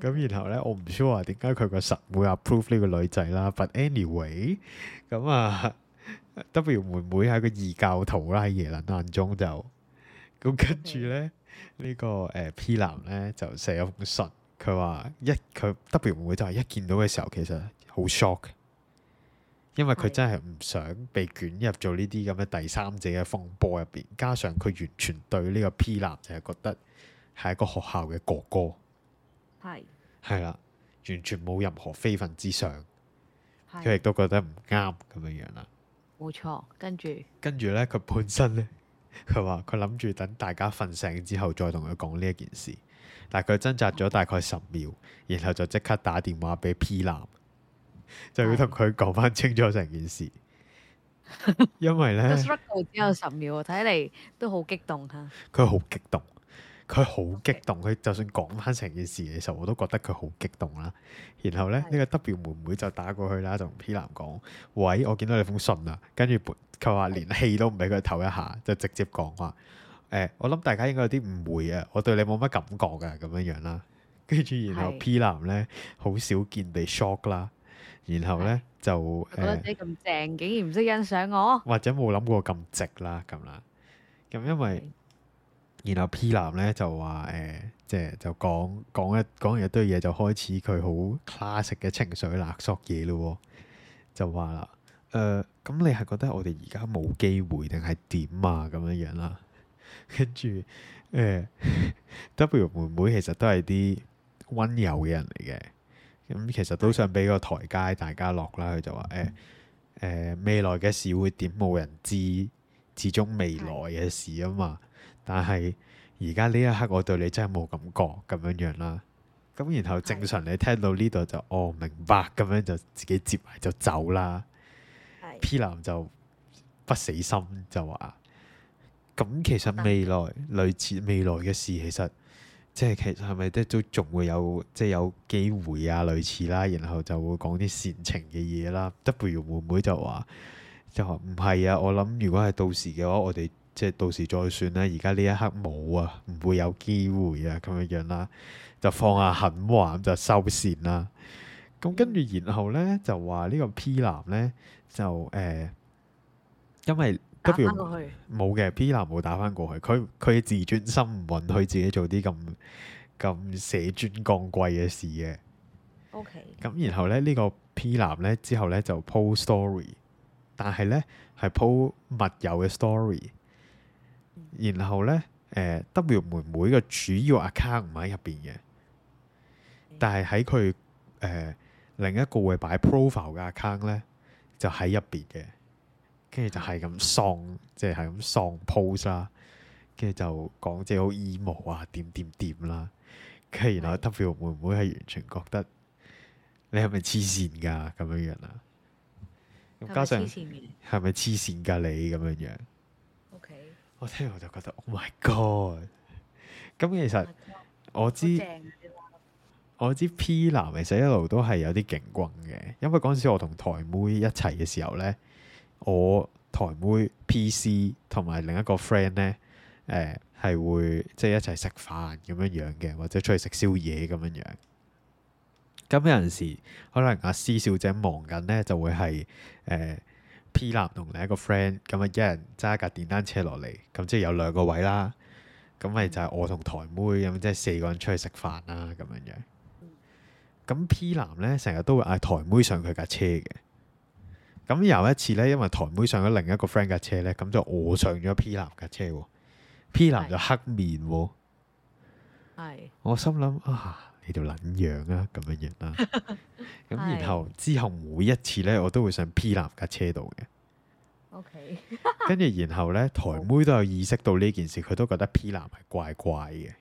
咁、嗯、然後咧，我唔 sure 話點解佢個神會 approve 呢個女仔啦。But anyway，咁、嗯、啊，W 妹妹喺一個異教徒啦。喺耶撚眼中就咁跟住咧，呢、嗯這個誒、呃、P 男咧就寫咗封信，佢話一佢、嗯、W 妹妹就係一見到嘅時候，其實好 shock，因為佢真係唔想被捲入做呢啲咁嘅第三者嘅風波入邊，加上佢完全對呢個 P 男就係覺得係一個學校嘅哥哥。係，係啦，完全冇任何非分之想，佢亦都覺得唔啱咁樣樣啦。冇錯，跟住，跟住咧，佢本身咧，佢話佢諗住等大家瞓醒之後再同佢講呢一件事，但係佢掙扎咗大概十秒，嗯、然後就即刻打電話俾 P 男，就要同佢講翻清楚成件事。是的 因為咧， 只有十秒，睇嚟都好激動吓。佢好激動。佢好激動，佢 Okay. 就算講翻成件事嘅時候，我都覺得佢好激動啦。然後咧，呢的個 W 妹妹就打過去啦，同 P 男講：喂，我見到你封信啦。跟住佢話連氣都唔俾佢唞一下，就直接講話：誒、哎，我諗大家應該有啲誤會啊，我對你冇乜感覺噶，咁樣樣啦。跟住的然後 P 男咧，好少見被 shock 啦。然後咧就的、呃、覺得你咁正，竟然唔識欣賞我，或者冇諗過咁直啦，咁啦，咁因為。然後 P 男咧就話誒，即、呃、係就講、是、講一講完一堆嘢，就開始佢好 classic 嘅情緒勒索嘢咯。就話啦誒，咁、呃、你係覺得我哋而家冇機會定係點啊？咁樣樣啦，跟住誒 W 妹妹其實都係啲溫柔嘅人嚟嘅，咁其實都想俾個台階大家落啦。佢就話誒誒，未來嘅事會點冇人知，始終未來嘅事啊嘛。但係而家呢一刻我對你真係冇感覺咁樣樣啦，咁然後正常你聽到呢度就的哦，明白咁樣就自己接埋就走啦。的 P 男就不死心就話：咁其實未來、嗯、類似未來嘅事，其實即係其實係咪都都仲會有即係有機會啊類似啦，然後就會講啲煽情嘅嘢啦。W 妹妹就話就話唔係啊？我諗如果係到時嘅話，我哋。即係到時再算啦，而家呢一刻冇啊，唔會有機會啊咁樣樣啦，就放下狠話，咁就收線啦。咁跟住然後咧就話呢個 P 男咧就誒、欸，因為 w, 打冇嘅 P 男冇打翻過去，佢佢自尊心唔允許自己做啲咁咁紆尊降貴嘅事嘅。OK。咁然後咧呢、呢個 P 男咧之後咧就 po story，但係咧係 po 密友嘅 story。然後咧，誒、呃、W 妹妹嘅主要 account 唔喺入邊嘅，Okay. 但係喺佢誒另一個會擺 profile 嘅 account 咧，就喺入邊嘅。跟住就係咁喪，即係咁喪 post 啦。跟住就講啲好 emo 啊，點點點啦。跟住 Okay. 然後 W 妹妹係完全覺得你係咪黐線噶咁樣樣啊，加上係咪黐線噶你咁樣樣？我聽完我就覺得 Oh my God！咁、 嗯、其實我知，我知 P 男其實一路都係有啲景棍嘅，因為嗰陣時我同台妹一齊嘅時候咧，我台妹 PC 同埋另一個 friend 咧，誒、呃、係會即係、就是、一齊食飯咁樣樣嘅，或者出去食宵夜咁樣樣。咁有陣時可能阿 C 小姐忙緊咧，就會係誒，呃 P 男同另一個 friend 咁啊，一人揸架電單車落嚟，咁即係有兩個位啦。咁咪就係我同台妹咁，即係四個人出去食飯啦，咁樣樣。咁 P 男呢，成日都會嗌台妹上佢架車嘅。咁有一次呢，因為台妹上咗另一個 friend 架車呢，咁就我上咗 P 男架車。的 P 男就黑面。係的。我心諗啊。你條撚樣啊，咁樣樣啦，咁 然後之後每一次呢，我都會上 P 男架車度嘅。O K，跟住然後呢，台妹都有意識到呢件事，佢都覺得 P 男係怪怪嘅。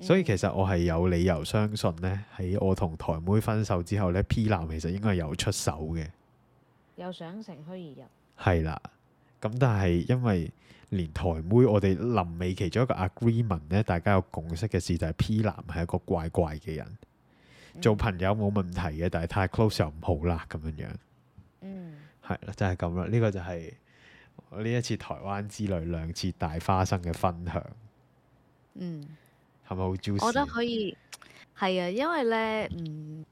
所以其實我係有理由相信呢，喺我同台妹分手之後呢，P 男其實應該有出手嘅，又想乘虛而入，係啦。咁但係因為連台妹，我哋臨尾其中一個 agreement 咧，大家有共識嘅事就係、是、P 男係一個怪怪嘅人，做朋友冇問題嘅，但係太 close 又唔好啦，咁樣樣，嗯，係啦，就係咁啦。呢、這個就係呢一次台灣之旅兩次大花生嘅分享，嗯，係咪好 juicy？我覺得可以係啊，因為咧，嗯，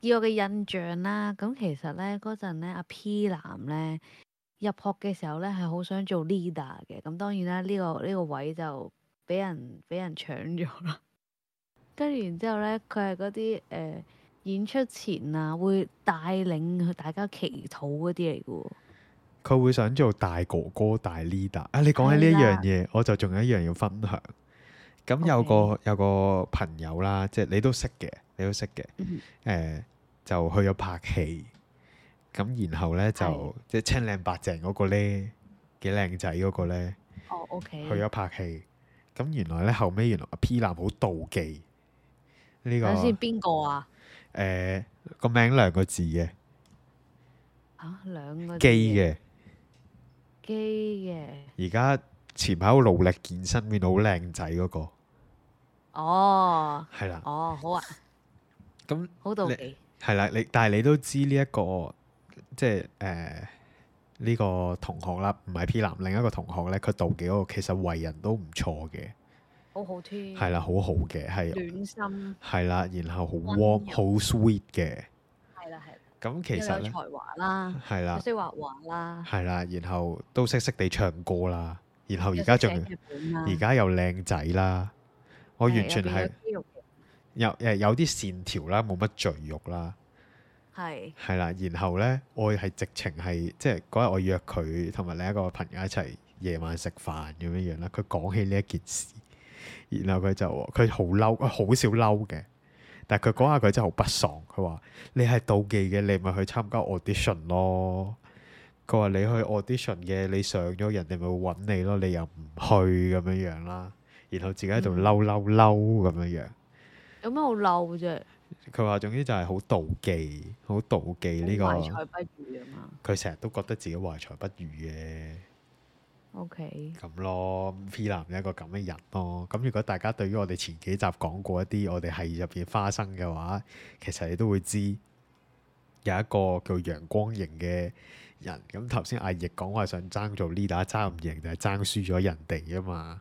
以我嘅印象啦，咁其實咧嗰陣咧，阿 P 男咧。入學嘅時候呢，係好想做 leader 嘅，咁當然啦，呢個呢個位就俾人俾人搶咗啦。跟住然之後呢，佢係嗰啲誒演出前啊，會帶領大家祈禱嗰啲嚟嘅。佢會想做大哥哥大 leader 啊！你講起呢一樣嘢，的我就仲有一樣要分享。咁有個 Okay. 有個朋友啦，即係你都識嘅，你都識嘅，誒、mm hmm. 呃，就去咗拍戲。咁然後咧就即係的青靚白淨嗰、那個咧幾靚仔嗰個、哦，OK，去咗拍戲。咁原來咧後尾原來阿 P 男好妒忌呢、這個。等先，邊個啊？誒、呃，個名兩個字嘅。嚇、啊，兩個字。基嘅的。基嘅的。而家前排好努力健身，變到好靚仔嗰個。哦。係啦的。哦，好啊。咁那。好妒忌。係啦，你但係你都知呢一個。即係誒呢個同學啦，唔係 P 男另一個同學咧，佢妒忌我，其實為人都唔錯嘅，好聽好添。係啦，好好嘅，係暖心。係啦，然後好 warm，好 sweet 嘅。係啦，係的。咁其實有才華啦，係啦，識畫畫啦，係啦，然後都識識地唱歌啦，然後而家仲而家又靚、啊、仔啦，我完全係有誒有啲線條啦，冇乜贅肉啦。係，係啦，然後咧，我係直情係即係嗰日我約佢同埋另一個朋友一齊夜晚食飯咁樣樣啦。佢講起呢一件事，然後佢就佢好嬲，好少嬲嘅，但係佢講下佢真係好不爽。佢話你係妒忌嘅，你咪去參加 audition 咯。佢話你去 audition 嘅，你上咗人哋咪會揾你咯，你又唔去咁樣樣啦。然後自己喺度嬲嬲嬲咁樣樣。有咩好嬲啫？佢話總之就係好妒忌，好妒忌呢、這個。佢成日都覺得自己懷才不遇啊。佢成日都覺得自己懷才不遇嘅。OK。咁咯，P 男一個咁嘅人咯。咁如果大家對於我哋前幾集講過一啲，我哋係入邊花生嘅話，其實你都會知有一個叫陽光型嘅人。咁頭先阿奕講，我係想爭做 leader，爭唔贏就係爭輸咗人哋啊嘛。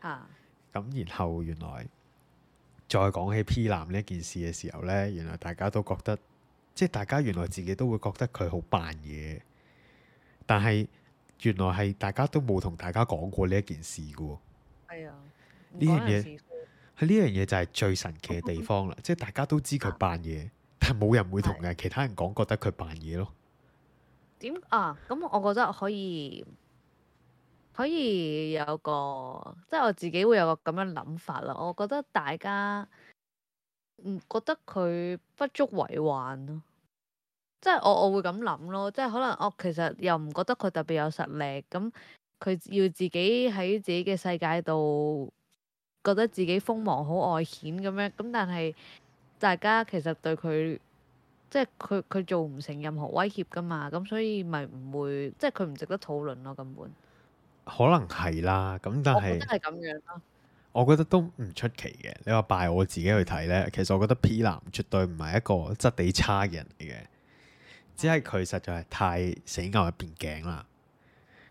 啊。咁然後原來。再講起 P 男呢件事嘅時候呢，原來大家都覺得即係大家原來自己都會覺得佢好扮嘢，但係原來係大家都冇同大家講過呢一件事㗎喎。係啊，呢樣嘢係呢樣嘢就係最神奇嘅地方啦，嗯、即係大家都知佢扮嘢，嗯、但係冇人會同其他人講，覺得佢扮嘢咯。點啊？咁我覺得可以。可以有個，即係我自己會有個咁樣諗法啦。我覺得大家唔覺得佢不足為患咯，即係我我會咁諗咯，即係可能我、哦、其實又唔覺得佢特別有實力，咁佢要自己喺自己嘅世界度覺得自己鋒芒好外顯咁樣，咁但係大家其實對佢即係佢佢做唔成任何威脅噶嘛，咁所以咪唔會即係佢唔值得討論咯，根本。可能係啦，咁但係我覺得係咁樣我覺得都唔出奇嘅。你話拜我自己去睇呢？其實我覺得 P 男絕對唔係一個質地差嘅人嚟嘅，啊、只係佢實在係太死牛一邊頸啦。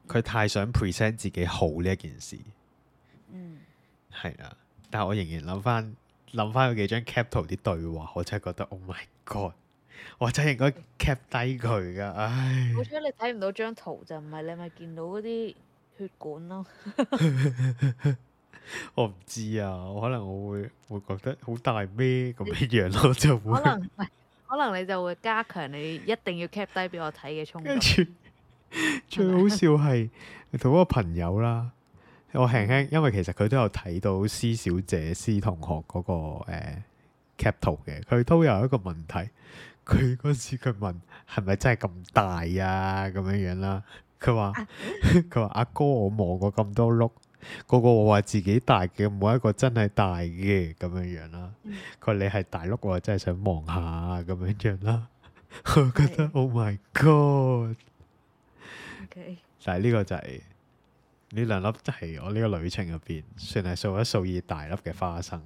佢、嗯、太想 present 自己好呢一件事，嗯，係啦。但係我仍然諗翻諗翻嗰幾張 cap 圖啲對話，我真係覺得 oh my god，我真係應該 cap 低佢噶。唉，好彩你睇唔到張圖，就唔係你咪見到嗰啲。血管咯， 我唔知啊，我可能我會我會覺得好大咩咁樣樣咯，就會可能你就會加強你一定要 cap 低俾我睇嘅衝動。跟住最好笑係同一個朋友啦，我輕輕因為其實佢都有睇到施小姐、施同學嗰、那個誒 cap 圖嘅，佢都有一個問題，佢嗰時佢問係咪真係咁大啊咁樣樣啦。佢話，佢話阿哥，我望過咁多碌，個個話自己大嘅，冇一個真係大嘅咁樣樣啦。佢話、嗯、你係大碌，我真係想望下咁樣樣啦。 我覺得 Okay. Oh my God 但係呢個就係呢兩粒，就係我呢個旅程入邊 Okay. 算係數一數二大粒嘅花生。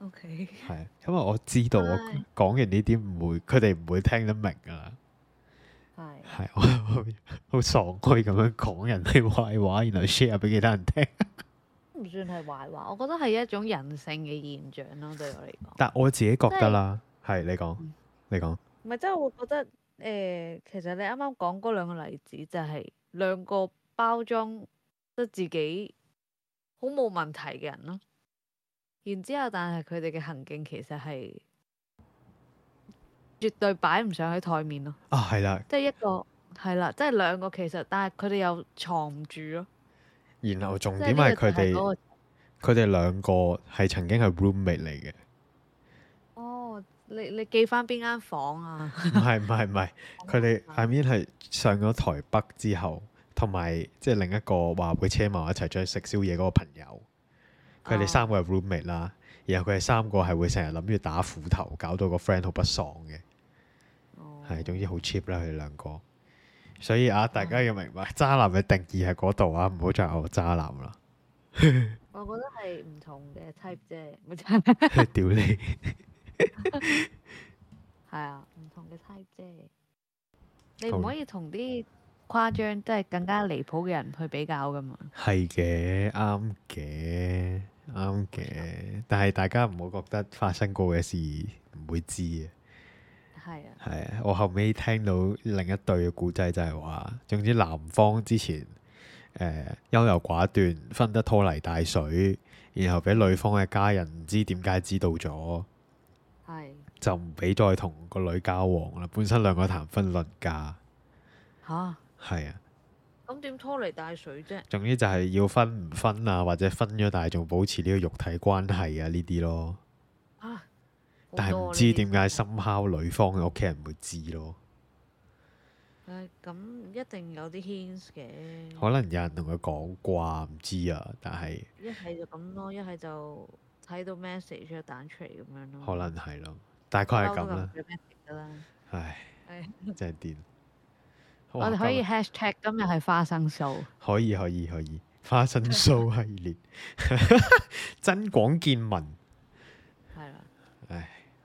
係 Okay.，因為我知道我講完呢啲唔會，佢哋唔會聽得明噶啦。係，我好好傻居咁樣講人哋壞話，然後 share 俾其他人聽 唔算係壞話，我覺得係一種人性嘅現象咯、啊，對我嚟講。但我自己覺得啦，係你講，你講。唔係，即係、就是、我覺得，誒、呃，其實你啱啱講嗰兩個例子就係、是、兩個包裝得自己好冇問題嘅人咯。然之後，但係佢哋嘅行徑其實係。絕對擺唔上喺台面咯。啊，係啦，即係一個係啦，即係兩個其實，但係佢哋又藏唔住咯。然後重點係佢哋，佢哋、那個、兩個係曾經係 roommate 嚟嘅。哦，你你記翻邊間房啊？唔係唔係唔係，佢哋 I mean 係上咗台北之後，同埋即係另一個話會車埋我一齊出去食宵夜嗰個朋友，佢哋三個係 roommate 啦、哦。然後佢哋三個係會成日諗住打斧頭，搞到個 friend 好不爽嘅。係，總之好 cheap 啦佢哋兩個，所以啊，大家要明白、啊、渣男嘅定義係嗰度啊，唔好再話我渣男啦。 我覺得係唔同嘅 type 啫，我真係。係屌你！係啊，唔同嘅 type 啫，你唔可以同啲誇張、即係、嗯、更加離譜嘅人去比較噶嘛。係嘅，啱嘅，啱嘅，但係大家唔好覺得發生過嘅事唔會知啊。係啊，係啊，我後尾聽到另一對嘅故仔就係話，總之男方之前誒優柔寡斷，分得拖泥帶水，然後俾女方嘅家人唔知點解知道咗，啊、就唔俾再同個女交往啦。本身兩個談婚論嫁，吓？係啊，咁點、啊、拖泥帶水啫？總之就係要分唔分啊，或者分咗但係仲保持呢個肉體關係啊呢啲咯。但係唔知點解深烤女方嘅屋企人會知咯？咁、嗯嗯、一定有啲 hint 嘅。可能有人同佢講啩，唔知啊。但係一係就咁咯，一係就睇到 message 彈出嚟咁樣咯。可能係咯，大概係咁啦。嗯嗯嗯、 唉，真係掂。 哇我哋可以 hashtag 今日係花生酥，可以可以可以花生酥系列， 真廣見聞。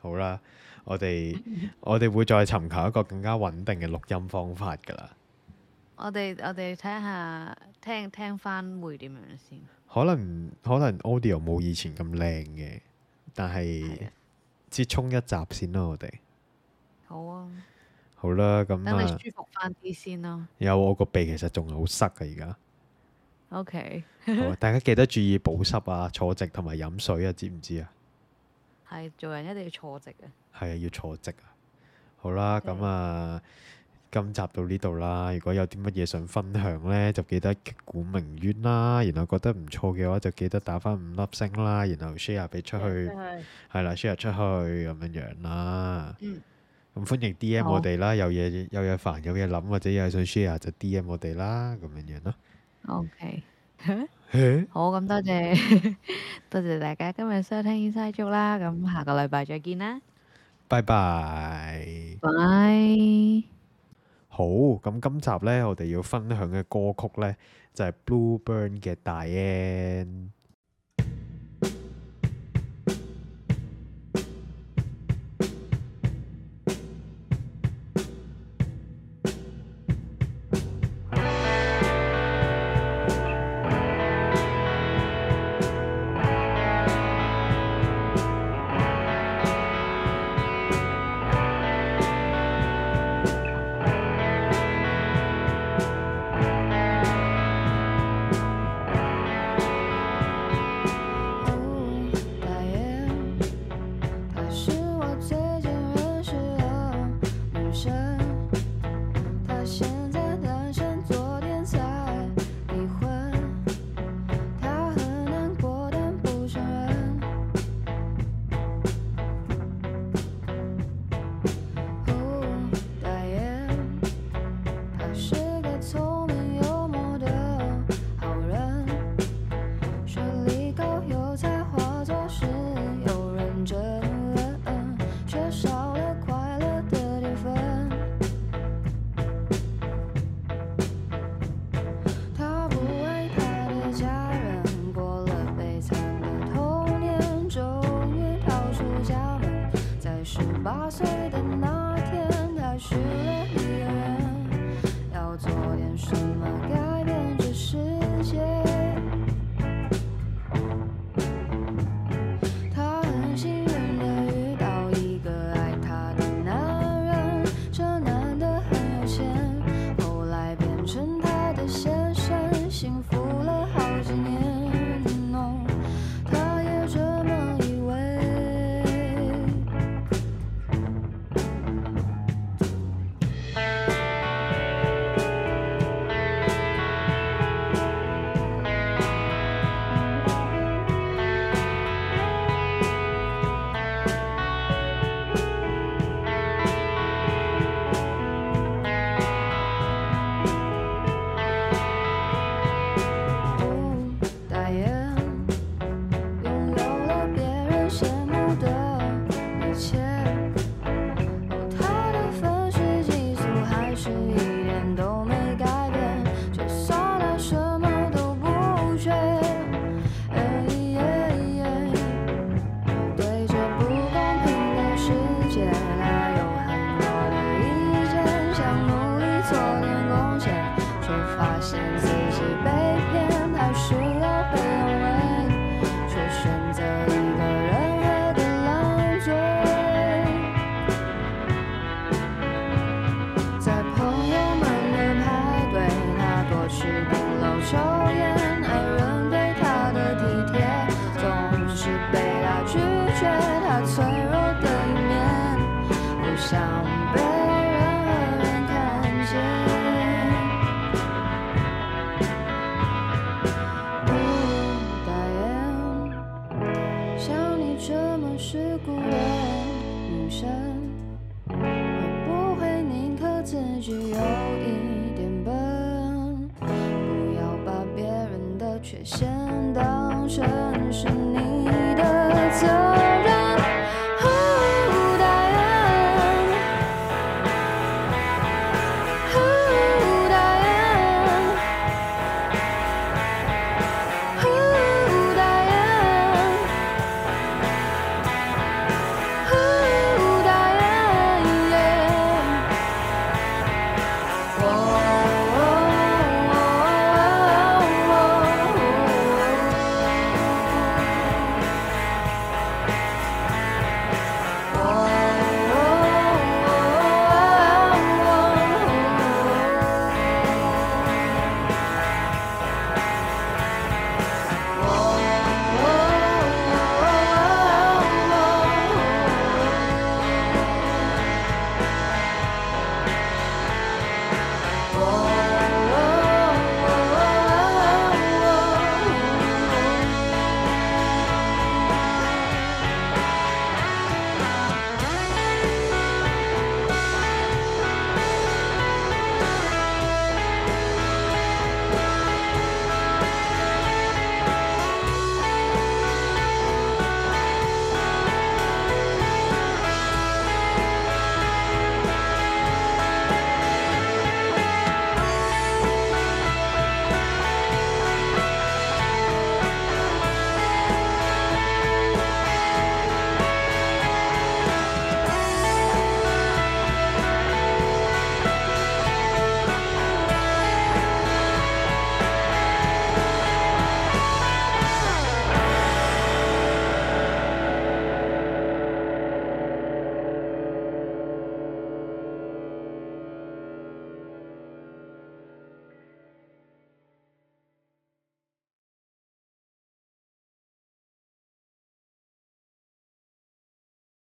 好啦，我哋 我哋會再尋求一個更加穩定嘅錄音方法噶啦。我哋我哋睇下聽聽翻會點樣先。可能可能 Audio 冇以前咁靚嘅，但係接衝一集先咯。我哋好啊，好啦，咁、嗯、啊，舒服翻啲先咯。有我個鼻其實仲係、啊、Okay. 好塞嘅，而家。OK。好，大家記得注意保濕啊，坐直同埋飲水啊，知唔知啊？係做人一定要坐直嘅，係啊，要坐直啊！好啦，咁 Okay. 啊，今集到呢度啦。如果有啲乜嘢想分享呢，就記得擊鼓鳴冤啦。然後覺得唔錯嘅話，就記得打返五粒星啦。然後 share 俾出去，係啦，share 出去咁樣樣啦。嗯，咁歡迎 DM、oh. 我哋啦。有嘢有嘢煩，有嘢諗或者有嘢想 share 就 DM 我哋啦。咁樣樣咯。Okay. 欸、好咁多謝， 多謝大家今日收聽晒足啦，咁下個禮拜再見啦，拜拜 bye，Bye 好，咁、嗯、今集呢，我哋要分享嘅歌曲呢，就係、是、Blueburn 嘅 Diane。